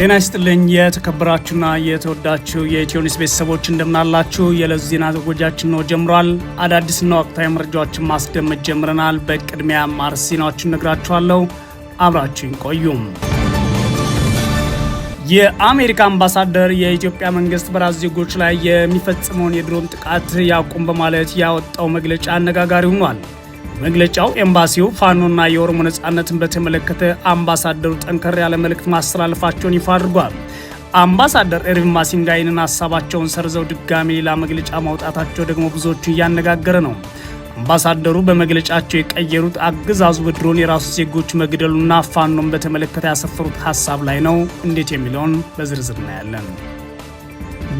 ጤና ይስጥልኝ የተከበራችሁና የተወዳችሁ የኢትዮኒስ ቤተሰቦች እንደምናላችሁ። የዕለቱ ዜና ዘጎጃችን ነው ጀምሯል። አዳዲስና ወቅታዊ መረጃዎችን ማስደመጥ ጀምረናል። በቅድሚያ ማርስ ዜናዎችን ነግራችኋለሁ። አብራችሁን ቆዩም። የአሜሪካ አምባሳደር የኢትዮጵያ መንግስት በራዜጎች ዜጎች ላይ የሚፈጽመውን የድሮን ጥቃት ያቁም በማለት ያወጣው መግለጫ አነጋጋሪ ሆኗል። መግለጫው ኤምባሲው ፋኖና የኦሮሞ ነጻነትን በተመለከተ አምባሳደሩ ጠንከር ያለ መልእክት ማስተላለፋቸውን ይፋ አድርጓል። አምባሳደር ኤርቪን ማሲንጋይንን ሀሳባቸውን ሰርዘው ድጋሜ ሌላ መግለጫ ማውጣታቸው ደግሞ ብዙዎቹ እያነጋገረ ነው። አምባሳደሩ በመግለጫቸው የቀየሩት አገዛዙ በድሮን የራሱ ዜጎች መግደሉና ፋኖን በተመለከተ ያሰፈሩት ሀሳብ ላይ ነው። እንዴት የሚለውን በዝርዝር እናያለን።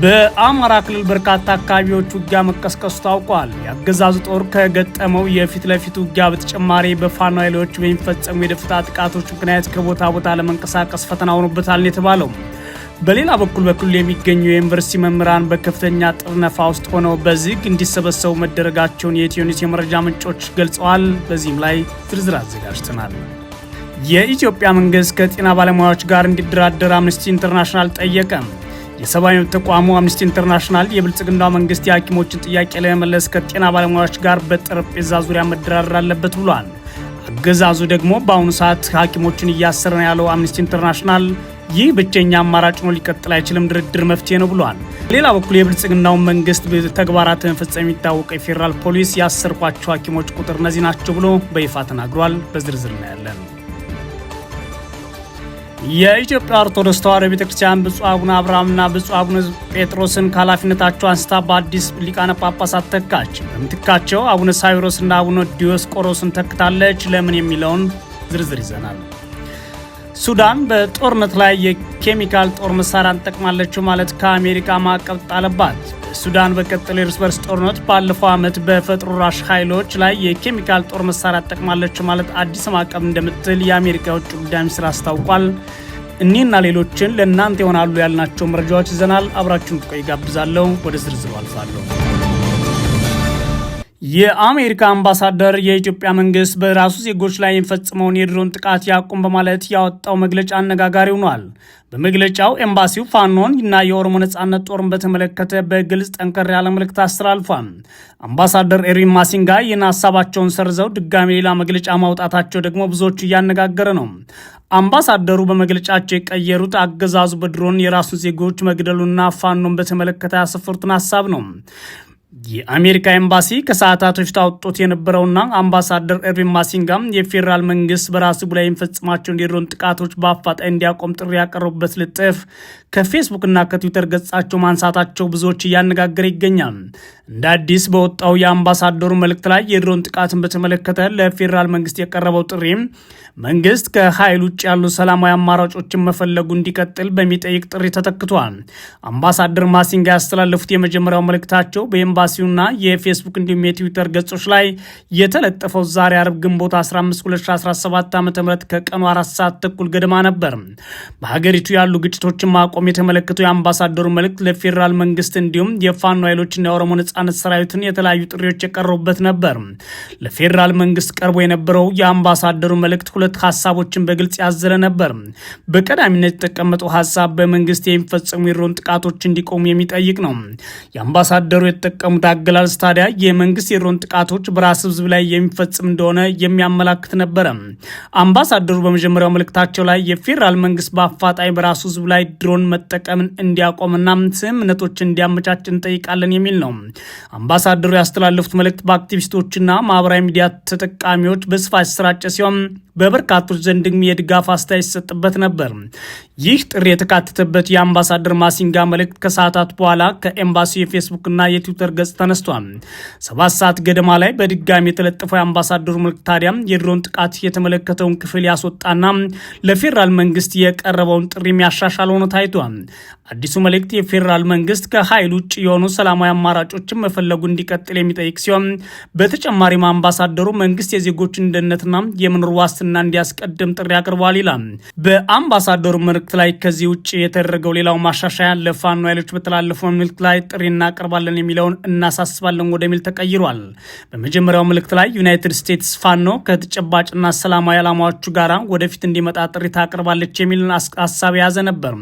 በአማራ ክልል በርካታ አካባቢዎች ውጊያ መቀስቀሱ ታውቋል። የአገዛዙ ጦር ከገጠመው የፊት ለፊት ውጊያ በተጨማሪ በፋኖ ኃይሎች በሚፈጸሙ የደፍታ ጥቃቶች ምክንያት ከቦታ ቦታ ለመንቀሳቀስ ፈተና ሆኖበታል የተባለው። በሌላ በኩል በክልሉ የሚገኙ የዩኒቨርሲቲ መምህራን በከፍተኛ ጥርነፋ ውስጥ ሆነው በዝግ እንዲሰበሰቡ መደረጋቸውን የኢትዮኒስ የመረጃ ምንጮች ገልጸዋል። በዚህም ላይ ዝርዝር አዘጋጅተናል። የኢትዮጵያ መንግስት ከጤና ባለሙያዎች ጋር እንዲደራደር አምነስቲ ኢንተርናሽናል ጠየቀ። የሰብአዊ ተቋሙ አምነስቲ ኢንተርናሽናል የብልጽግና መንግስት የሐኪሞችን ጥያቄ ለመመለስ ከጤና ባለሙያዎች ጋር በጠረጴዛ ዙሪያ መደራደር አለበት ብሏል። አገዛዙ ደግሞ በአሁኑ ሰዓት ሐኪሞችን እያሰረ ነው ያለው አምነስቲ ኢንተርናሽናል ይህ ብቸኛ አማራጭ ነው፣ ሊቀጥል አይችልም፣ ድርድር መፍትሄ ነው ብሏል። ሌላ በኩል የብልጽግናው መንግስት ተግባራት መፈጸም የሚታወቀ የፌዴራል ፖሊስ ያሰርኳቸው ሐኪሞች ቁጥር እነዚህ ናቸው ብሎ በይፋ ተናግሯል። በዝርዝር እናያለን። የኢትዮጵያ ኦርቶዶክስ ተዋሕዶ ቤተክርስቲያን ብፁዕ አቡነ አብርሃምና ብፁዕ አቡነ ጴጥሮስን ከኃላፊነታቸው አንስታ በአዲስ ሊቃነ ጳጳሳት ተካች። በምትካቸው አቡነ ሳዊሮስና አቡነ ዲዮስቆሮስን ተክታለች። ለምን የሚለውን ዝርዝር ይዘናል። ሱዳን በጦርነት ላይ የኬሚካል ጦር መሳሪያን ጠቅማለችው ማለት ከአሜሪካ ማዕቀብ ጣለባት። ሱዳን በቀጠለ የእርስ በርስ ጦርነት ባለፈው ዓመት በፈጥኖ ደራሽ ኃይሎች ላይ የኬሚካል ጦር መሳሪያ ጠቅማለች ማለት አዲስ ማዕቀብ እንደምትል የአሜሪካ የውጭ ጉዳይ ሚኒስትር አስታውቋል። እኒህና ሌሎችን ለእናንተ ይሆናሉ ያልናቸው መረጃዎች ይዘናል። አብራችሁን ትቆይ ጋብዛለሁ። ወደ ዝርዝሩ አልፋለሁ። የአሜሪካ አምባሳደር የኢትዮጵያ መንግስት በራሱ ዜጎች ላይ የሚፈጽመውን የድሮን ጥቃት ያቁም በማለት ያወጣው መግለጫ አነጋጋሪ ሆኗል። በመግለጫው ኤምባሲው ፋኖን እና የኦሮሞ ነጻነት ጦርን በተመለከተ በግልጽ ጠንከር ያለ መልእክት አስተላልፏል። አምባሳደር ኤሪን ማሲንጋ ይህን ሀሳባቸውን ሰርዘው ድጋሚ ሌላ መግለጫ ማውጣታቸው ደግሞ ብዙዎቹ እያነጋገረ ነው። አምባሳደሩ በመግለጫቸው የቀየሩት አገዛዙ በድሮን የራሱን ዜጎች መግደሉና ፋኖን በተመለከተ ያሰፈሩትን ሀሳብ ነው። የአሜሪካ ኤምባሲ ከሰዓታት በፊት አውጥቶት የነበረውና አምባሳደር ኤርቪን ማሲንጋም የፌዴራል መንግስት በራሱ ላይ የሚፈጽማቸውን የድሮን ጥቃቶች በአፋጣኝ እንዲያቆም ጥሪ ያቀረቡበት ልጥፍ ከፌስቡክና ከትዊተር ገጻቸው ማንሳታቸው ብዙዎች እያነጋገረ ይገኛል። እንደ አዲስ በወጣው የአምባሳደሩ መልእክት ላይ የድሮን ጥቃትን በተመለከተ ለፌዴራል መንግስት የቀረበው ጥሪ መንግስት ከኃይል ውጭ ያሉ ሰላማዊ አማራጮችን መፈለጉ እንዲቀጥል በሚጠይቅ ጥሪ ተተክቷል። አምባሳደር ማሲንጋ ያስተላለፉት የመጀመሪያው መልእክታቸው በኤምባ ኤምባሲውና የፌስቡክ እንዲሁም የትዊተር ገጾች ላይ የተለጠፈው ዛሬ አርብ ግንቦት 15 2017 ዓ ም ከቀኑ አራት ሰዓት ተኩል ገደማ ነበር። በሀገሪቱ ያሉ ግጭቶችን ማቆም የተመለከተው የአምባሳደሩ መልእክት ለፌዴራል መንግስት እንዲሁም የፋኖ ኃይሎችና የኦሮሞ ነጻነት ሰራዊትን የተለያዩ ጥሪዎች የቀረቡበት ነበር። ለፌዴራል መንግስት ቀርቦ የነበረው የአምባሳደሩ መልእክት ሁለት ሀሳቦችን በግልጽ ያዘለ ነበር። በቀዳሚነት የተቀመጠው ሀሳብ በመንግስት የሚፈጸሙ የድሮን ጥቃቶች እንዲቆሙ የሚጠይቅ ነው። የአምባሳደሩ የተጠቀሙ የገጠሙት አገላለጽ ታዲያ የመንግስት የድሮን ጥቃቶች በራስ ህዝብ ላይ የሚፈጽም እንደሆነ የሚያመላክት ነበረ። አምባሳደሩ በመጀመሪያው መልእክታቸው ላይ የፌዴራል መንግስት በአፋጣኝ በራሱ ህዝብ ላይ ድሮን መጠቀምን እንዲያቆምና ስምምነቶች እንዲያመቻች እንጠይቃለን የሚል ነው። አምባሳደሩ ያስተላለፉት መልእክት በአክቲቪስቶችና ማህበራዊ ሚዲያ ተጠቃሚዎች በስፋት ያሰራጨ ሲሆን በበርካቶች ዘንድም የድጋፍ አስተያየት ይሰጥበት ነበር። ይህ ጥሪ የተካተተበት የአምባሳደር ማሲንጋ መልእክት ከሰዓታት በኋላ ከኤምባሲው የፌስቡክና የትዊተር ገጽ ተነስቷል። ሰባት ሰዓት ገደማ ላይ በድጋሚ የተለጠፈው የአምባሳደሩ መልክ ታዲያ የድሮን ጥቃት የተመለከተውን ክፍል ያስወጣና ለፌዴራል መንግስት የቀረበውን ጥሪ የሚያሻሻል ሆኖ ታይቷል። አዲሱ መልእክት የፌዴራል መንግስት ከኃይል ውጭ የሆኑ ሰላማዊ አማራጮችን መፈለጉ እንዲቀጥል የሚጠይቅ ሲሆን በተጨማሪም አምባሳደሩ መንግስት የዜጎችን ደህንነትና የመኖር ዋስትና እንዲያስቀድም ጥሪ አቅርቧል ይላል። በአምባሳደሩ መልእክት ላይ ከዚህ ውጭ የተደረገው ሌላው ማሻሻያ ለፋኖ ኃይሎች በተላለፈው መልእክት ላይ ጥሪ እናቀርባለን የሚለውን እናሳስባለን ወደሚል ተቀይሯል። በመጀመሪያው መልእክት ላይ ዩናይትድ ስቴትስ ፋኖ ከተጨባጭና ሰላማዊ ዓላማዎቹ ጋራ ወደፊት እንዲመጣ ጥሪ ታቀርባለች የሚልን ሀሳብ የያዘ ነበር።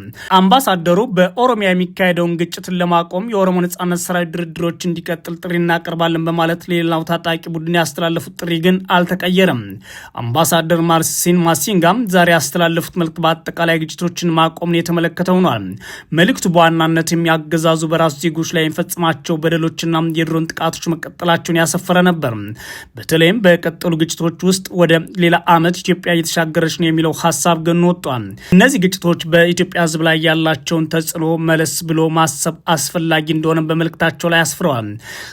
አምባሳደሩ በኦሮሚያ የሚካሄደውን ግጭትን ለማቆም የኦሮሞ ነጻነት ሰራዊት ድርድሮች እንዲቀጥል ጥሪ እናቀርባለን በማለት ሌላው ታጣቂ ቡድን ያስተላለፉት ጥሪ ግን አልተቀየረም። አምባሳደር ማርሲን ማሲንጋም ዛሬ ያስተላለፉት መልክት በአጠቃላይ ግጭቶችን ማቆምን የተመለከተ ሆኗል። መልእክቱ በዋናነት የሚያገዛዙ በራሱ ዜጎች ላይ የሚፈጽማቸው በደሎችና የድሮን ጥቃቶች መቀጠላቸውን ያሰፈረ ነበር። በተለይም በቀጠሉ ግጭቶች ውስጥ ወደ ሌላ ዓመት ኢትዮጵያ እየተሻገረች ነው የሚለው ሀሳብ ገኖ ወጥቷል። እነዚህ ግጭቶች በኢትዮጵያ ሕዝብ ላይ ያላቸውን ተጽዕኖ መለስ ብሎ ማሰብ አስፈላጊ እንደሆነ በመልእክታቸው ላይ አስፍረዋል።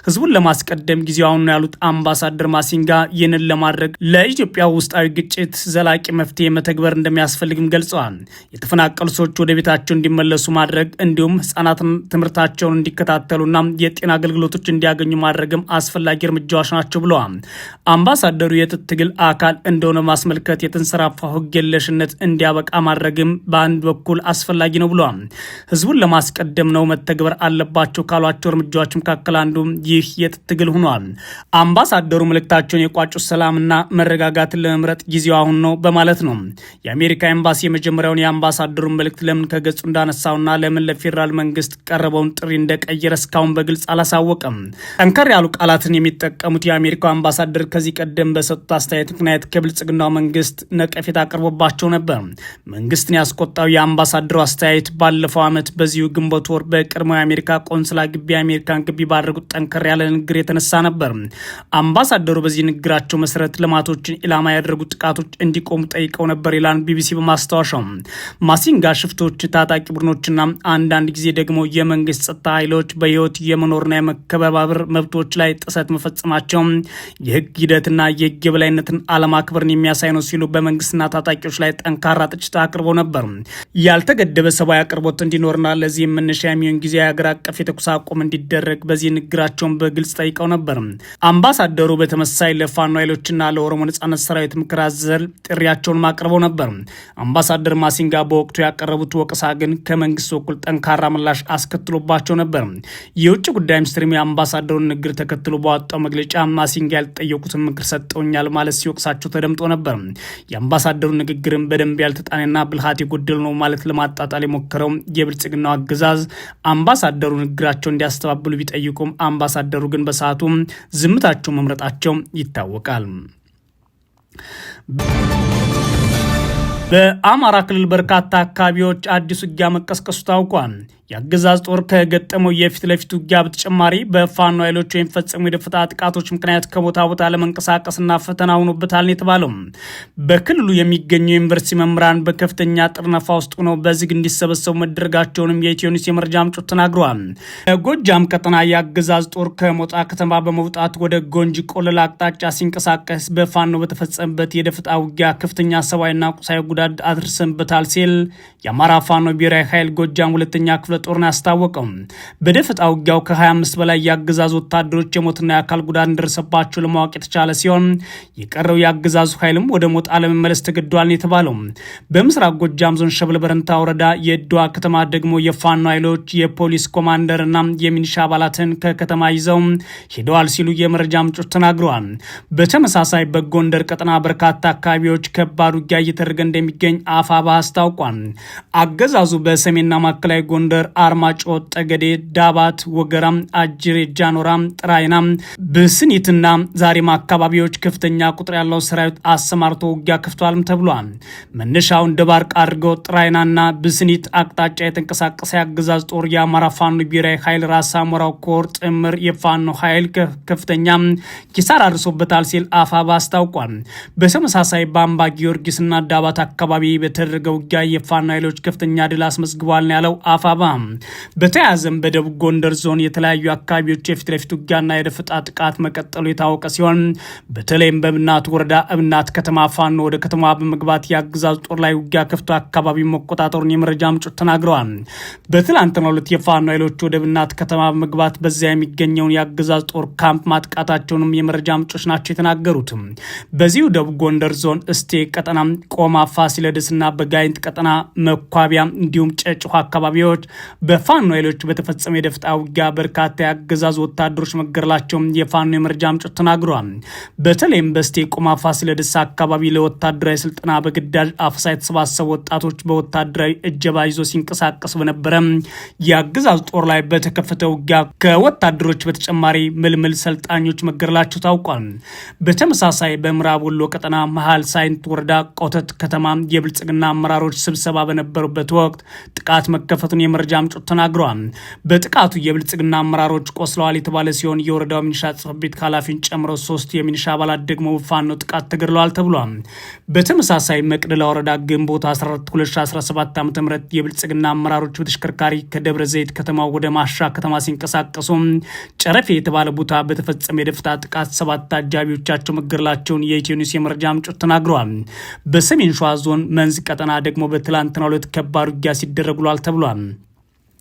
ህዝቡን ለማስቀደም ጊዜው አሁን ያሉት አምባሳደር ማሲንጋ ይህንን ለማድረግ ለኢትዮጵያ ውስጣዊ ግጭት ዘላቂ መፍትሄ መተግበር እንደሚያስፈልግም ገልጸዋል። የተፈናቀሉ ሰዎች ወደ ቤታቸው እንዲመለሱ ማድረግ እንዲሁም ህጻናት ትምህርታቸውን እንዲከታተሉና የጤና አገልግሎቶች እንዲያገኙ ማድረግም አስፈላጊ እርምጃዎች ናቸው ብለዋል። አምባሳደሩ የትጥቅ ትግል አካል እንደሆነ ማስመልከት የተንሰራፋው ህግ የለሽነት እንዲያበቃ ማድረግም በአንድ በኩል አስፈላጊ ነው ብለዋል። ህዝቡን ለማስቀደም ነው መተግበር አለባቸው ካሏቸው እርምጃዎች መካከል አንዱ ይህ የትጥቅ ትግል ሆኗል። አምባሳደሩ መልእክታቸውን የቋጩት ሰላምና መረጋጋትን ለመምረጥ ጊዜው አሁን ነው በማለት ነው። የአሜሪካ ኤምባሲ የመጀመሪያውን የአምባሳደሩን መልእክት ለምን ከገጹ እንዳነሳውና ለምን ለፌዴራል መንግስት ቀረበውን ጥሪ እንደቀየረ እስካሁን በግልጽ አላሳወቀም። ጠንከር ያሉ ቃላትን የሚጠቀሙት የአሜሪካው አምባሳደር ከዚህ ቀደም በሰጡት አስተያየት ምክንያት ከብልጽግናው መንግስት ነቀፌታ አቅርቦባቸው ነበር። መንግስትን ያስቆጣው የአምባሳደሩ አስተያየት ባለፈው ዓመት በዚሁ ግንቦት ወር በቀድሞ የአሜሪካ ቆንስላ ግቢ የአሜሪካን ግቢ ባደረጉት ጠንከር ያለ ንግግር የተነሳ ነበር። አምባሳደሩ በዚህ ንግግራቸው መሰረት ልማቶችን ኢላማ ያደረጉት ጥቃቶች እንዲቆሙ ጠይቀው ነበር ይላል ቢቢሲ በማስታወሻው። ማሲንጋ ሽፍቶች፣ ታጣቂ ቡድኖችና አንዳንድ ጊዜ ደግሞ የመንግስት ጸጥታ ኃይሎች በህይወት የመኖርና የመከባበር መብቶች ላይ ጥሰት መፈጸማቸው የህግ ሂደትና የህግ የበላይነትን አለማክበርን የሚያሳይ ነው ሲሉ በመንግስትና ታጣቂዎች ላይ ጠንካራ ትችት አቅርበው ነበር። ያልተገደበ ሰብአዊ አቅርቦት እንዲ እንዲኖርና ለዚህ የመነሻ የሚሆን ጊዜ የሀገር አቀፍ የተኩስ አቁም እንዲደረግ በዚህ ንግግራቸውን በግልጽ ጠይቀው ነበር። አምባሳደሩ በተመሳሳይ ለፋኖ ኃይሎችና ለኦሮሞ ነጻነት ሰራዊት ምክር አዘል ጥሪያቸውን አቅርበው ነበር። አምባሳደር ማሲንጋ በወቅቱ ያቀረቡት ወቀሳ ግን ከመንግስት በኩል ጠንካራ ምላሽ አስከትሎባቸው ነበር። የውጭ ጉዳይ ሚኒስትርም የአምባሳደሩን ንግግር ተከትሎ በወጣው መግለጫ ማሲንጋ ያልጠየቁትን ምክር ሰጠውኛል ማለት ሲወቅሳቸው ተደምጦ ነበር። የአምባሳደሩ ንግግርን በደንብ ያልተጣኔና ብልሃት የጎደሉ ነው ማለት ለማጣጣል የሞከረው የብልጽግናው አገዛዝ አምባሳደሩን ንግግራቸው እንዲያስተባብሉ ቢጠይቁም አምባሳደሩ ግን በሰዓቱ ዝምታቸው መምረጣቸው ይታወቃል። በአማራ ክልል በርካታ አካባቢዎች አዲስ ውጊያ መቀስቀሱ ታውቋል። የአገዛዝ ጦር ከገጠመው የፊት ለፊት ውጊያ በተጨማሪ በፋኖ ኃይሎች የሚፈጸሙ የደፈጣ ጥቃቶች ምክንያት ከቦታ ቦታ ለመንቀሳቀስና ፈተና ሆኖበታል የተባለው በክልሉ የሚገኙ ዩኒቨርሲቲ መምህራን በከፍተኛ ጥርነፋ ውስጥ ሆነው በዝግ እንዲሰበሰቡ መደረጋቸውንም የኢትዮኒስ የመረጃ ምንጮች ተናግረዋል። በጎጃም ቀጠና የአገዛዝ ጦር ከሞጣ ከተማ በመውጣት ወደ ጎንጅ ቆለላ አቅጣጫ ሲንቀሳቀስ በፋኖ በተፈጸመበት የደፈጣ ውጊያ ከፍተኛ ሰብአዊና ቁሳዊ ጉዳት አድርሰንበታል ሲል የአማራ ፋኖ ብሔራዊ ኃይል ጎጃም ሁለተኛ ክፍለ ጦርን ያስታወቀው። በደፈጣ ውጊያው ከ25 በላይ የአገዛዙ ወታደሮች የሞትና የአካል ጉዳት እንደደረሰባቸው ለማወቅ የተቻለ ሲሆን የቀረው የአገዛዙ ኃይልም ወደ ሞጣ ለመመለስ ተገዷል የተባለው። በምስራቅ ጎጃም ዞን ሸበል በረንታ ወረዳ የእድዋ ከተማ ደግሞ የፋኖ ኃይሎች የፖሊስ ኮማንደርና የሚኒሻ አባላትን ከከተማ ይዘው ሄደዋል ሲሉ የመረጃ ምንጮች ተናግረዋል። በተመሳሳይ በጎንደር ቀጠና በርካታ አካባቢዎች ከባድ ውጊያ እየተደረገ እንደሚገኝ አፋባ አስታውቋል። አገዛዙ በሰሜንና ማዕከላዊ ጎንደር ጎንደር፣ አርማጮ፣ ጠገዴ፣ ዳባት፣ ወገራም፣ አጅሬ፣ ጃኖራም፣ ጥራይና፣ ብስኒትና ዛሬማ አካባቢዎች ከፍተኛ ቁጥር ያለው ሰራዊት አሰማርቶ ውጊያ ከፍቷልም ተብሏል። መነሻውን ደባርቅ አድርገው ጥራይናና ብስኒት አቅጣጫ የተንቀሳቀሰ የአገዛዝ ጦር የአማራ ፋኖ ብሔራዊ ኃይል ራስ አሞራው ኮር ጥምር የፋኖ ኃይል ከፍተኛ ኪሳራ አድርሶበታል ሲል አፋባ አስታውቋል። በተመሳሳይ በአምባ ጊዮርጊስና ዳባት አካባቢ በተደረገ ውጊያ የፋኖ ኃይሎች ከፍተኛ ድል አስመዝግቧል ያለው አፋባ በተያያዘም በደቡብ ጎንደር ዞን የተለያዩ አካባቢዎች የፊት ለፊት ውጊያና የደፈጣ ጥቃት መቀጠሉ የታወቀ ሲሆን በተለይም በእብናት ወረዳ እብናት ከተማ ፋኖ ወደ ከተማ በመግባት የአገዛዙ ጦር ላይ ውጊያ ከፍቶ አካባቢ መቆጣጠሩን የመረጃ ምንጮች ተናግረዋል። በትላንትናው ዕለት የፋኖ ኃይሎች ወደ እብናት ከተማ በመግባት በዚያ የሚገኘውን የአገዛዙ ጦር ካምፕ ማጥቃታቸውንም የመረጃ ምንጮች ናቸው የተናገሩት። በዚሁ ደቡብ ጎንደር ዞን እስቴ ቀጠና ቆማ ፋሲለደስና በጋይንት ቀጠና መኳቢያ እንዲሁም ጨጭሆ አካባቢዎች በፋኖ ኃይሎች በተፈጸመ የደፍጣ ውጊያ በርካታ የአገዛዝ ወታደሮች መገደላቸውን የፋኖ የመረጃ ምንጮች ተናግረዋል። በተለይም በስቴ ቁማ ፋሲለደስ አካባቢ ለወታደራዊ ስልጠና በግዳጅ አፈሳ የተሰባሰቡ ወጣቶች በወታደራዊ እጀባ ይዞ ሲንቀሳቀስ በነበረ የአገዛዝ ጦር ላይ በተከፈተ ውጊያ ከወታደሮች በተጨማሪ ምልምል ሰልጣኞች መገደላቸው ታውቋል። በተመሳሳይ በምዕራብ ወሎ ቀጠና መሀል ሳይንት ወረዳ ቆተት ከተማ የብልጽግና አመራሮች ስብሰባ በነበሩበት ወቅት ጥቃት መከፈቱን የመረጃ መረጃ ምንጮች ተናግረዋል። በጥቃቱ የብልጽግና አመራሮች ቆስለዋል የተባለ ሲሆን የወረዳው ሚኒሻ ጽሕፈት ቤት ኃላፊን ጨምሮ ሶስት የሚኒሻ አባላት ደግሞ ፋኖ ጥቃት ተገድለዋል ተብሏል። በተመሳሳይ መቅደላ ወረዳ ግንቦት 14 2017 ዓ ም የብልጽግና አመራሮች በተሽከርካሪ ከደብረ ዘይት ከተማ ወደ ማሻ ከተማ ሲንቀሳቀሱ ጨረፌ የተባለ ቦታ በተፈጸመ የደፍታ ጥቃት ሰባት አጃቢዎቻቸው መገደላቸውን የኢትዮ ኒውስ የመረጃ ምንጮች ተናግረዋል። በሰሜን ሸዋ ዞን መንዝ ቀጠና ደግሞ በትላንትናው ዕለት ከባድ ውጊያ ሲደረግ ውሏል ተብሏል።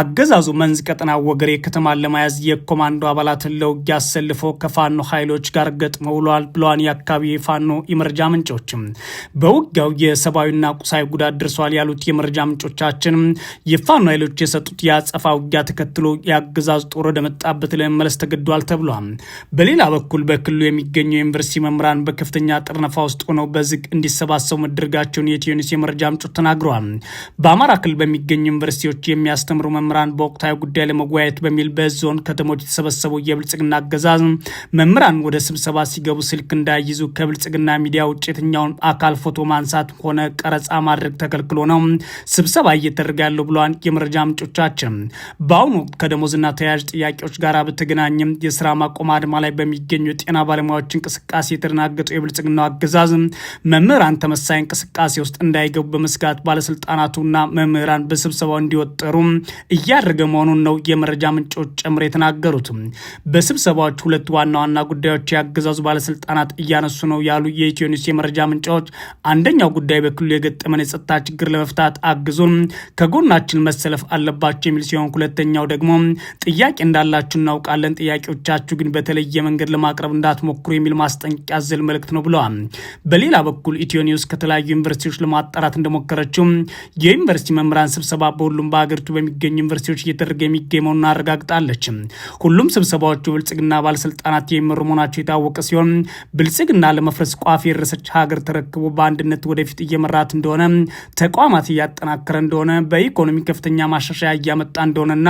አገዛዙ መንዝ ቀጠና ወገሬ ከተማን ለመያዝ የኮማንዶ አባላትን ለውጊያ አሰልፎ ከፋኖ ኃይሎች ጋር ገጥሞ ውሏል ብለዋል የአካባቢ የፋኖ የመረጃ ምንጮችም። በውጊያው የሰብአዊና ቁሳዊ ጉዳት ደርሷል ያሉት የመረጃ ምንጮቻችን የፋኖ ኃይሎች የሰጡት የአጸፋ ውጊያ ተከትሎ የአገዛዙ ጦር ወደመጣበት ለመመለስ ተገዷል ተብሏል። በሌላ በኩል በክልሉ የሚገኘው ዩኒቨርሲቲ መምህራን በከፍተኛ ጥርነፋ ውስጥ ሆነው በዝግ እንዲሰባሰቡ መደረጋቸውን የትዮኒስ ኒውስ የመረጃ ምንጮች ተናግረዋል። በአማራ ክልል በሚገኙ ዩኒቨርሲቲዎች የሚያስተምሩ መምህራን በወቅታዊ ጉዳይ ለመወያየት በሚል በዞን ከተሞች የተሰበሰቡ የብልጽግና አገዛዝ መምህራን ወደ ስብሰባ ሲገቡ ስልክ እንዳይይዙ ከብልጽግና ሚዲያ ውጭ የትኛውን አካል ፎቶ ማንሳት ሆነ ቀረጻ ማድረግ ተከልክሎ ነው ስብሰባ እየተደረገ ያለው ብለዋል የመረጃ ምንጮቻችን። በአሁኑ ወቅት ከደሞዝና ተያያዥ ጥያቄዎች ጋር በተገናኘም የስራ ማቆም አድማ ላይ በሚገኙ የጤና ባለሙያዎች እንቅስቃሴ የተደናገጠው የብልጽግናው አገዛዝ መምህራን ተመሳይ እንቅስቃሴ ውስጥ እንዳይገቡ በመስጋት ባለስልጣናቱና መምህራን በስብሰባው እንዲወጠሩ እያደረገ መሆኑን ነው የመረጃ ምንጮች ጨምሮ የተናገሩት። በስብሰባዎች ሁለት ዋና ዋና ጉዳዮች ያገዛዙ ባለስልጣናት እያነሱ ነው ያሉ የኢትዮ ኒውስ የመረጃ ምንጮች፣ አንደኛው ጉዳይ በክልሉ የገጠመን የጸጥታ ችግር ለመፍታት አግዙን፣ ከጎናችን መሰለፍ አለባቸው የሚል ሲሆን ሁለተኛው ደግሞ ጥያቄ እንዳላችሁ እናውቃለን፣ ጥያቄዎቻችሁ ግን በተለየ መንገድ ለማቅረብ እንዳትሞክሩ የሚል ማስጠንቀቂያ ዘል መልእክት ነው ብለዋል። በሌላ በኩል ኢትዮ ኒውስ ከተለያዩ ዩኒቨርሲቲዎች ለማጣራት እንደሞከረችው የዩኒቨርሲቲ መምህራን ስብሰባ በሁሉም በሀገሪቱ በሚገኙ ዩኒቨርሲቲዎች እየተደረገ የሚገመውና አረጋግጣለች። ሁሉም ስብሰባዎቹ ብልጽግና ባለስልጣናት የሚመሩ መሆናቸው የታወቀ ሲሆን ብልጽግና ለመፍረስ ቋፍ የደረሰች ሀገር ተረክቦ በአንድነት ወደፊት እየመራት እንደሆነ፣ ተቋማት እያጠናከረ እንደሆነ፣ በኢኮኖሚ ከፍተኛ ማሻሻያ እያመጣ እንደሆነና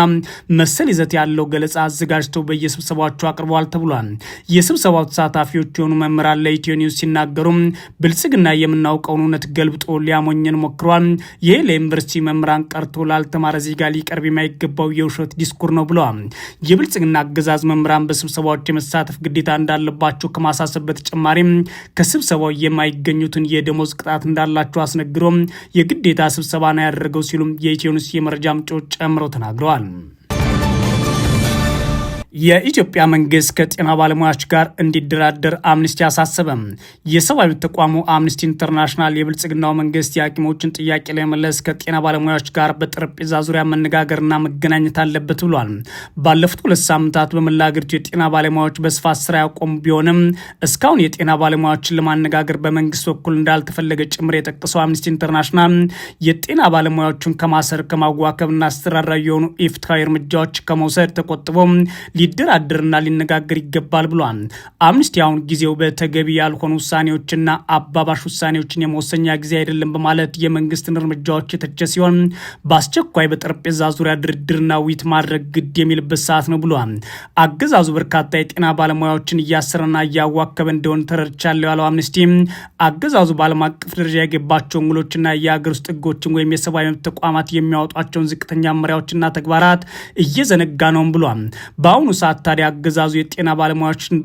መሰል ይዘት ያለው ገለጻ አዘጋጅተው በየስብሰባቸው አቅርበዋል ተብሏል። የስብሰባው ተሳታፊዎች የሆኑ መምህራን ለኢትዮ ኒውስ ሲናገሩም ብልጽግና የምናውቀውን እውነት ገልብጦ ሊያሞኘን ሞክሯል። ይህ ለዩኒቨርሲቲ መምህራን ቀርቶ ላልተማረ ዜጋ ሊቀ ሊቀርብ የማይገባው የውሸት ዲስኩር ነው ብለዋል። የብልጽግና አገዛዝ መምህራን በስብሰባዎች የመሳተፍ ግዴታ እንዳለባቸው ከማሳሰብ በተጨማሪም ከስብሰባው የማይገኙትን የደሞዝ ቅጣት እንዳላቸው አስነግሮም የግዴታ ስብሰባ ነው ያደረገው ሲሉም የኢትዮንስ የመረጃ ምንጮች ጨምረው ተናግረዋል። የኢትዮጵያ መንግስት ከጤና ባለሙያዎች ጋር እንዲደራደር አምኒስቲ አሳሰበም። የሰብአዊ ተቋሙ አምኒስቲ ኢንተርናሽናል የብልጽግናው መንግስት የሐኪሞችን ጥያቄ ለመመለስ ከጤና ባለሙያዎች ጋር በጠረጴዛ ዙሪያ መነጋገርና መገናኘት አለበት ብሏል። ባለፉት ሁለት ሳምንታት በመላ አገሪቱ የጤና ባለሙያዎች በስፋት ስራ ያቆሙ ቢሆንም እስካሁን የጤና ባለሙያዎችን ለማነጋገር በመንግስት በኩል እንዳልተፈለገ ጭምር የጠቀሰው አምኒስቲ ኢንተርናሽናል የጤና ባለሙያዎቹን ከማሰር ከማዋከብና አስተዳደራዊ የሆኑ ኢፍትሐዊ እርምጃዎች ከመውሰድ ተቆጥቦ ሊደራደርና ሊነጋገር ይገባል ብሏል። አምነስቲ አሁን ጊዜው በተገቢ ያልሆኑ ውሳኔዎችና አባባሽ ውሳኔዎችን የመወሰኛ ጊዜ አይደለም በማለት የመንግስትን እርምጃዎች የተቸ ሲሆን በአስቸኳይ በጠረጴዛ ዙሪያ ድርድርና ውይይት ማድረግ ግድ የሚልበት ሰዓት ነው ብሏል። አገዛዙ በርካታ የጤና ባለሙያዎችን እያሰረና እያዋከበ እንደሆነ ተረድቻለሁ ያለው አምነስቲ አገዛዙ በዓለም አቀፍ ደረጃ የገባቸውን ውሎችና የአገር ውስጥ ህጎችን ወይም የሰብአዊ መብት ተቋማት የሚያወጧቸውን ዝቅተኛ መሪያዎችና ተግባራት እየዘነጋ ነውም ብሏል። በአሁኑ በአሁኑ ሰዓት ታዲያ አገዛዙ የጤና ባለሙያዎችን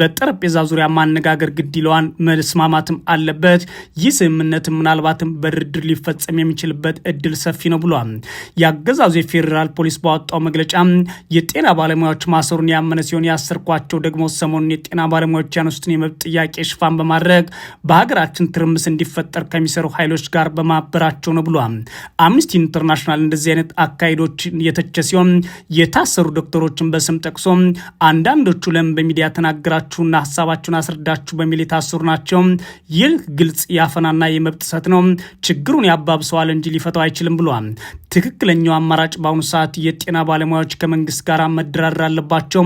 በጠረጴዛ ዙሪያ ማነጋገር ግዲለዋን መስማማትም አለበት። ይህ ስምምነትም ምናልባትም በድርድር ሊፈጸም የሚችልበት እድል ሰፊ ነው ብሏል። የአገዛዙ የፌዴራል ፖሊስ ባወጣው መግለጫ የጤና ባለሙያዎች ማሰሩን ያመነ ሲሆን ያሰርኳቸው ደግሞ ሰሞኑን የጤና ባለሙያዎች ያነሱትን የመብት ጥያቄ ሽፋን በማድረግ በሀገራችን ትርምስ እንዲፈጠር ከሚሰሩ ኃይሎች ጋር በማበራቸው ነው ብሏል። አምነስቲ ኢንተርናሽናል እንደዚህ አይነት አካሄዶች የተቸ ሲሆን የታሰሩ ዶክተሮችን በስም ጠቅሶ አንዳንዶቹ ለም በሚዲያ ተናገራ ብላችሁና ሀሳባችሁን አስረዳችሁ በሚል የታሰሩ ናቸው። ይህ ግልጽ ያፈናና የመብት ጥሰት ነው። ችግሩን ያባብሰዋል እንጂ ሊፈታው አይችልም ብሏል። ትክክለኛው አማራጭ በአሁኑ ሰዓት የጤና ባለሙያዎች ከመንግስት ጋር መደራደር አለባቸው።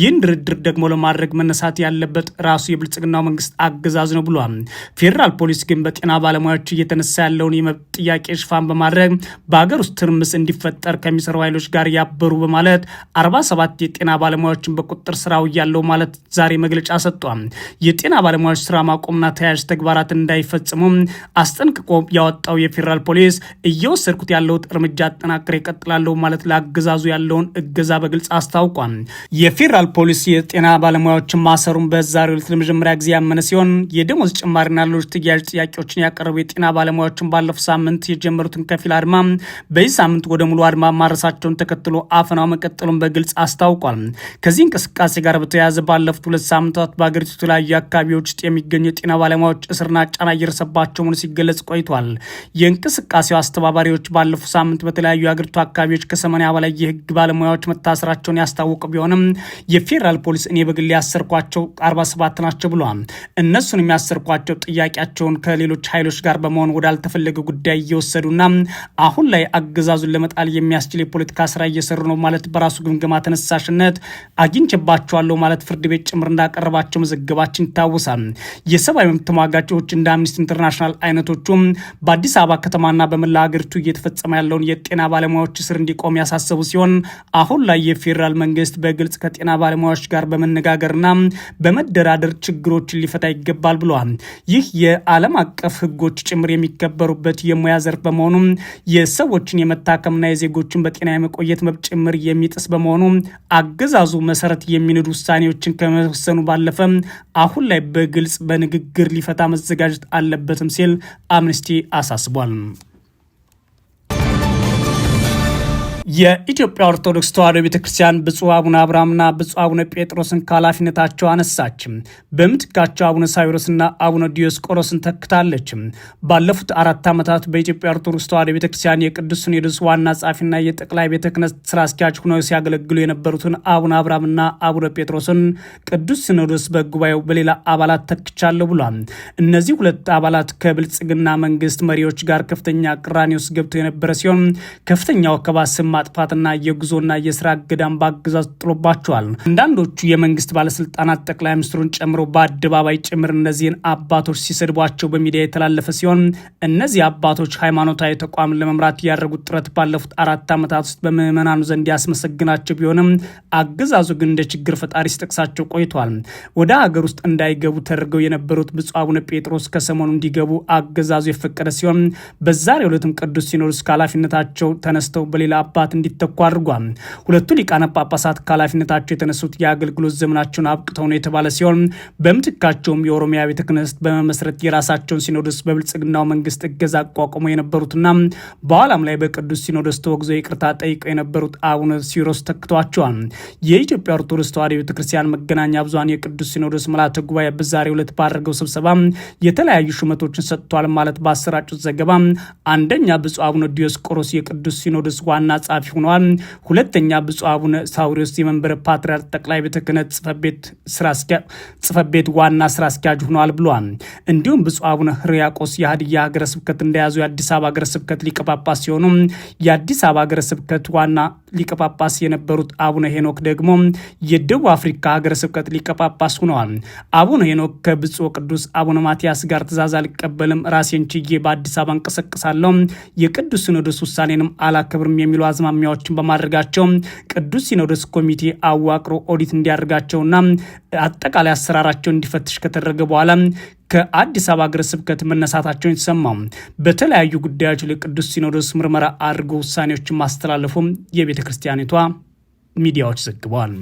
ይህን ድርድር ደግሞ ለማድረግ መነሳት ያለበት ራሱ የብልጽግናው መንግስት አገዛዝ ነው ብሏል። ፌዴራል ፖሊስ ግን በጤና ባለሙያዎች እየተነሳ ያለውን የመብት ጥያቄ ሽፋን በማድረግ በሀገር ውስጥ ትርምስ እንዲፈጠር ከሚሰሩ ኃይሎች ጋር ያበሩ በማለት 47 የጤና ባለሙያዎችን በቁጥጥር ስራው እያለው ማለት ዛሬ መግለጫ ሰጥቷል። የጤና ባለሙያዎች ስራ ማቆምና ተያያዥ ተግባራት እንዳይፈጽሙም አስጠንቅቆ ያወጣው የፌዴራል ፖሊስ እየወሰድኩት ያለሁት እርምጃ አጠናክሬ እቀጥላለሁ ማለት ለአገዛዙ ያለውን እገዛ በግልጽ አስታውቋል። የፌዴራል ፖሊስ የጤና ባለሙያዎችን ማሰሩን በዛሬው ዕለት ለመጀመሪያ ጊዜ ያመነ ሲሆን የደሞዝ ጭማሪና ሌሎች ተያያዥ ጥያቄዎችን ያቀረቡ የጤና ባለሙያዎችን ባለፉ ሳምንት የጀመሩትን ከፊል አድማ በዚህ ሳምንት ወደ ሙሉ አድማ ማረሳቸውን ተከትሎ አፈናው መቀጠሉን በግልጽ አስታውቋል። ከዚህ እንቅስቃሴ ጋር በተያያዘ ባለፉት ሁለት ሳምንታት በአገሪቱ የተለያዩ አካባቢዎች ውስጥ የሚገኙ የጤና ባለሙያዎች እስርና ጫና እየደረሰባቸው መሆኑ ሲገለጽ ቆይቷል። የእንቅስቃሴው አስተባባሪዎች ባለፉ ሳምንት በተለያዩ የአገሪቱ አካባቢዎች ከሰማንያ በላይ የህግ ባለሙያዎች መታሰራቸውን ያስታወቁ ቢሆንም የፌዴራል ፖሊስ እኔ በግሌ ያሰርኳቸው 47 ናቸው ብሏል። እነሱን የሚያሰርኳቸው ጥያቄያቸውን ከሌሎች ኃይሎች ጋር በመሆን ወዳልተፈለገ ጉዳይ እየወሰዱና አሁን ላይ አገዛዙን ለመጣል የሚያስችል የፖለቲካ ስራ እየሰሩ ነው ማለት በራሱ ግምገማ ተነሳሽነት አግኝቼባቸዋለሁ ማለት ፍርድ ቤት ጭምር እንዳቀረባቸው መዘገባችን ይታወሳል። የሰብአዊ መብት ተሟጋቾች እንደ አምነስቲ ኢንተርናሽናል አይነቶቹም በአዲስ አበባ ከተማና በመላ ሀገሪቱ እየተፈጸመ ያለውን የጤና ባለሙያዎች እስር እንዲቆም ያሳሰቡ ሲሆን አሁን ላይ የፌዴራል መንግስት በግልጽ ከጤና ባለሙያዎች ጋር በመነጋገርና በመደራደር ችግሮችን ሊፈታ ይገባል ብለዋል። ይህ የዓለም አቀፍ ህጎች ጭምር የሚከበሩበት የሙያ ዘርፍ በመሆኑ የሰዎችን የመታከምና የዜጎችን በጤና የመቆየት መብት ጭምር የሚጥስ በመሆኑ አገዛዙ መሰረት የሚንድ ውሳኔዎችን ከመሰ ከመወሰኑ ባለፈ አሁን ላይ በግልጽ በንግግር ሊፈታ መዘጋጀት አለበትም ሲል አምነስቲ አሳስቧል። የኢትዮጵያ ኦርቶዶክስ ተዋሕዶ ቤተክርስቲያን ብፁዕ አቡነ አብርሃምና ብፁዕ አቡነ ጴጥሮስን ከኃላፊነታቸው አነሳችም። በምትካቸው አቡነ ሳዊሮስና አቡነ ዲዮስቆሮስን ተክታለችም። ባለፉት አራት ዓመታት በኢትዮጵያ ኦርቶዶክስ ተዋሕዶ ቤተክርስቲያን የቅዱስ ሲኖዶስ ዋና ጸሐፊና የጠቅላይ ቤተ ክህነት ስራ አስኪያጅ ሆነው ሲያገለግሉ የነበሩትን አቡነ አብርሃምና አቡነ ጴጥሮስን ቅዱስ ሲኖዶስ በጉባኤው በሌላ አባላት ተክቻለሁ ብሏል። እነዚህ ሁለት አባላት ከብልጽግና መንግስት መሪዎች ጋር ከፍተኛ ቅራኔ ውስጥ ገብቶ የነበረ ሲሆን ከፍተኛ ወከባ ስማ ማጥፋትና የጉዞና የስራ እገዳን በአገዛዝ ጥሎባቸዋል። አንዳንዶቹ የመንግስት ባለስልጣናት ጠቅላይ ሚኒስትሩን ጨምሮ በአደባባይ ጭምር እነዚህን አባቶች ሲሰድቧቸው በሚዲያ የተላለፈ ሲሆን እነዚህ አባቶች ሃይማኖታዊ ተቋምን ለመምራት ያደረጉት ጥረት ባለፉት አራት ዓመታት ውስጥ በምዕመናኑ ዘንድ ያስመሰግናቸው ቢሆንም አገዛዙ ግን እንደ ችግር ፈጣሪ ሲጠቅሳቸው ቆይቷል። ወደ ሀገር ውስጥ እንዳይገቡ ተደርገው የነበሩት ብፁ አቡነ ጴጥሮስ ከሰሞኑ እንዲገቡ አገዛዙ የፈቀደ ሲሆን በዛሬው ዕለትም ቅዱስ ሲኖዶስ ከኃላፊነታቸው ተነስተው በሌላ አባት ስርዓት እንዲተኩ አድርጓል። ሁለቱ ሊቃነ ጳጳሳት ከኃላፊነታቸው የተነሱት የአገልግሎት ዘመናቸውን አብቅተው ነው የተባለ ሲሆን በምትካቸውም የኦሮሚያ ቤተ ክህነት በመመስረት የራሳቸውን ሲኖዶስ በብልጽግናው መንግስት እገዛ አቋቁመው የነበሩትና በኋላም ላይ በቅዱስ ሲኖዶስ ተወግዘው ይቅርታ ጠይቀው የነበሩት አቡነ ሲሮስ ተክተዋቸዋል። የኢትዮጵያ ኦርቶዶክስ ተዋሕዶ ቤተክርስቲያን መገናኛ ብዙሃን የቅዱስ ሲኖዶስ ምልዓተ ጉባኤ በዛሬው ዕለት ባደረገው ስብሰባ የተለያዩ ሹመቶችን ሰጥቷል ማለት ባሰራጩት ዘገባ አንደኛ ብፁዕ አቡነ ዲዮስቆሮስ የቅዱስ ሲኖዶስ ዋና ጸሐፊ ሆኗል። ሁለተኛ ብፁዕ አቡነ ሳዊሮስ የመንበረ ፓትርያርክ ጠቅላይ ቤተ ክህነት ጽሕፈት ቤት ዋና ስራ አስኪያጅ ሆኗል ብሏል። እንዲሁም ብፁዕ አቡነ ሕርያቆስ የሀዲያ ሀገረ ስብከት እንደያዙ የአዲስ አበባ ሀገረ ስብከት ሊቀጳጳስ ሲሆኑ የአዲስ አበባ ሀገረ ስብከት ዋና ሊቀጳጳስ የነበሩት አቡነ ሄኖክ ደግሞ የደቡብ አፍሪካ ሀገረ ስብከት ሊቀጳጳስ ሆነዋል። አቡነ ሄኖክ ከብፁዕ ቅዱስ አቡነ ማትያስ ጋር ትእዛዝ አልቀበልም፣ ራሴን ችዬ በአዲስ አበባ እንቀሳቀሳለሁ፣ የቅዱስ ሲኖዶስ ውሳኔንም አላከብርም የሚሉ አዝማሚያዎችን በማድረጋቸው ቅዱስ ሲኖዶስ ኮሚቴ አዋቅሮ ኦዲት እንዲያደርጋቸውና አጠቃላይ አሰራራቸው እንዲፈትሽ ከተደረገ በኋላ ከአዲስ አበባ ሀገረ ስብከት መነሳታቸውን የተሰማው በተለያዩ ጉዳዮች ለቅዱስ ሲኖዶስ ምርመራ አድርጎ ውሳኔዎችን ማስተላለፉም የቤተ ክርስቲያኒቷ ሚዲያዎች ዘግበዋል።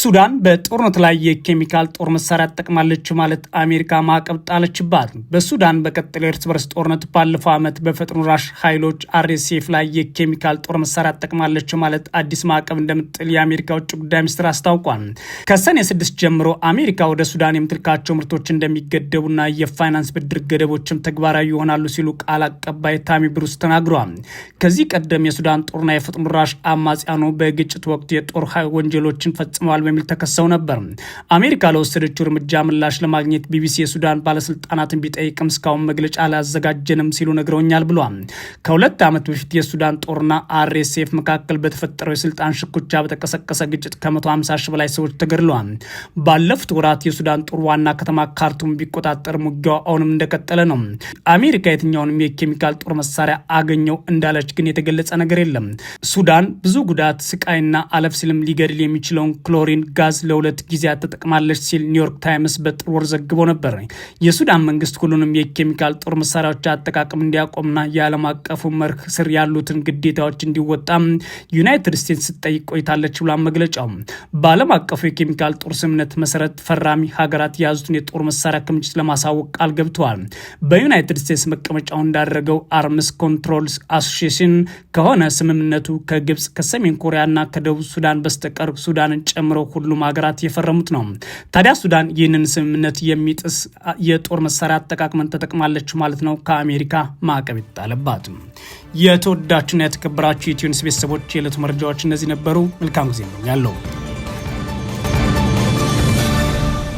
ሱዳን በጦርነት ላይ የኬሚካል ጦር መሳሪያ ትጠቅማለች ማለት አሜሪካ ማዕቀብ ጣለችባት። በሱዳን በቀጠለው የእርስ በርስ ጦርነት ባለፈው ዓመት በፈጥኖ ራሽ ኃይሎች አርኤስኤፍ ላይ የኬሚካል ጦር መሳሪያ ትጠቅማለች ማለት አዲስ ማዕቀብ እንደምትጥል የአሜሪካ ውጭ ጉዳይ ሚኒስትር አስታውቋል። ከሰኔ ስድስት ጀምሮ አሜሪካ ወደ ሱዳን የምትልካቸው ምርቶች እንደሚገደቡና የፋይናንስ ብድር ገደቦችም ተግባራዊ ይሆናሉ ሲሉ ቃል አቀባይ ታሚ ብሩስ ተናግረዋል። ከዚህ ቀደም የሱዳን ጦርና የፈጥኖ ራሽ አማጽያኑ በግጭት ወቅት የጦር ወንጀሎችን ፈጽመዋል ተገድለዋል በሚል ተከሰው ነበር። አሜሪካ ለወሰደችው እርምጃ ምላሽ ለማግኘት ቢቢሲ የሱዳን ባለስልጣናትን ቢጠይቅም እስካሁን መግለጫ አላዘጋጀንም ሲሉ ነግረውኛል ብሏል። ከሁለት ዓመት በፊት የሱዳን ጦርና አርኤስኤፍ መካከል በተፈጠረው የስልጣን ሽኩቻ በተቀሰቀሰ ግጭት ከ150 ሺህ በላይ ሰዎች ተገድለዋል። ባለፉት ወራት የሱዳን ጦር ዋና ከተማ ካርቱም ቢቆጣጠር ውጊያው አሁንም እንደቀጠለ ነው። አሜሪካ የትኛውንም የኬሚካል ጦር መሳሪያ አገኘው እንዳለች ግን የተገለጸ ነገር የለም። ሱዳን ብዙ ጉዳት፣ ስቃይና አለፍ ሲልም ሊገድል የሚችለውን ክሎ ክሎሪን ጋዝ ለሁለት ጊዜያት ተጠቅማለች ሲል ኒውዮርክ ታይምስ በጥር ወር ዘግቦ ነበር። የሱዳን መንግስት ሁሉንም የኬሚካል ጦር መሳሪያዎች አጠቃቀም እንዲያቆምና የዓለም አቀፉ መርህ ስር ያሉትን ግዴታዎች እንዲወጣ ዩናይትድ ስቴትስ ስትጠይቅ ቆይታለች ብሏል መግለጫው። በዓለም አቀፉ የኬሚካል ጦር ስምምነት መሰረት ፈራሚ ሀገራት የያዙትን የጦር መሳሪያ ክምችት ለማሳወቅ ቃል ገብተዋል። በዩናይትድ ስቴትስ መቀመጫው እንዳደረገው አርምስ ኮንትሮል አሶሺሽን ከሆነ ስምምነቱ ከግብፅ ከሰሜን ኮሪያና ከደቡብ ሱዳን በስተቀር ሱዳንን ጨምሮ ጨምሮ ሁሉም ሀገራት የፈረሙት ነው። ታዲያ ሱዳን ይህንን ስምምነት የሚጥስ የጦር መሳሪያ አጠቃቅመን ተጠቅማለች ማለት ነው። ከአሜሪካ ማዕቀብ ይጣለባት። የተወዳችሁና የተከበራችሁ የኢትዮ ኒውስ ቤተሰቦች የዕለቱ መረጃዎች እነዚህ ነበሩ። መልካም ጊዜ ያለው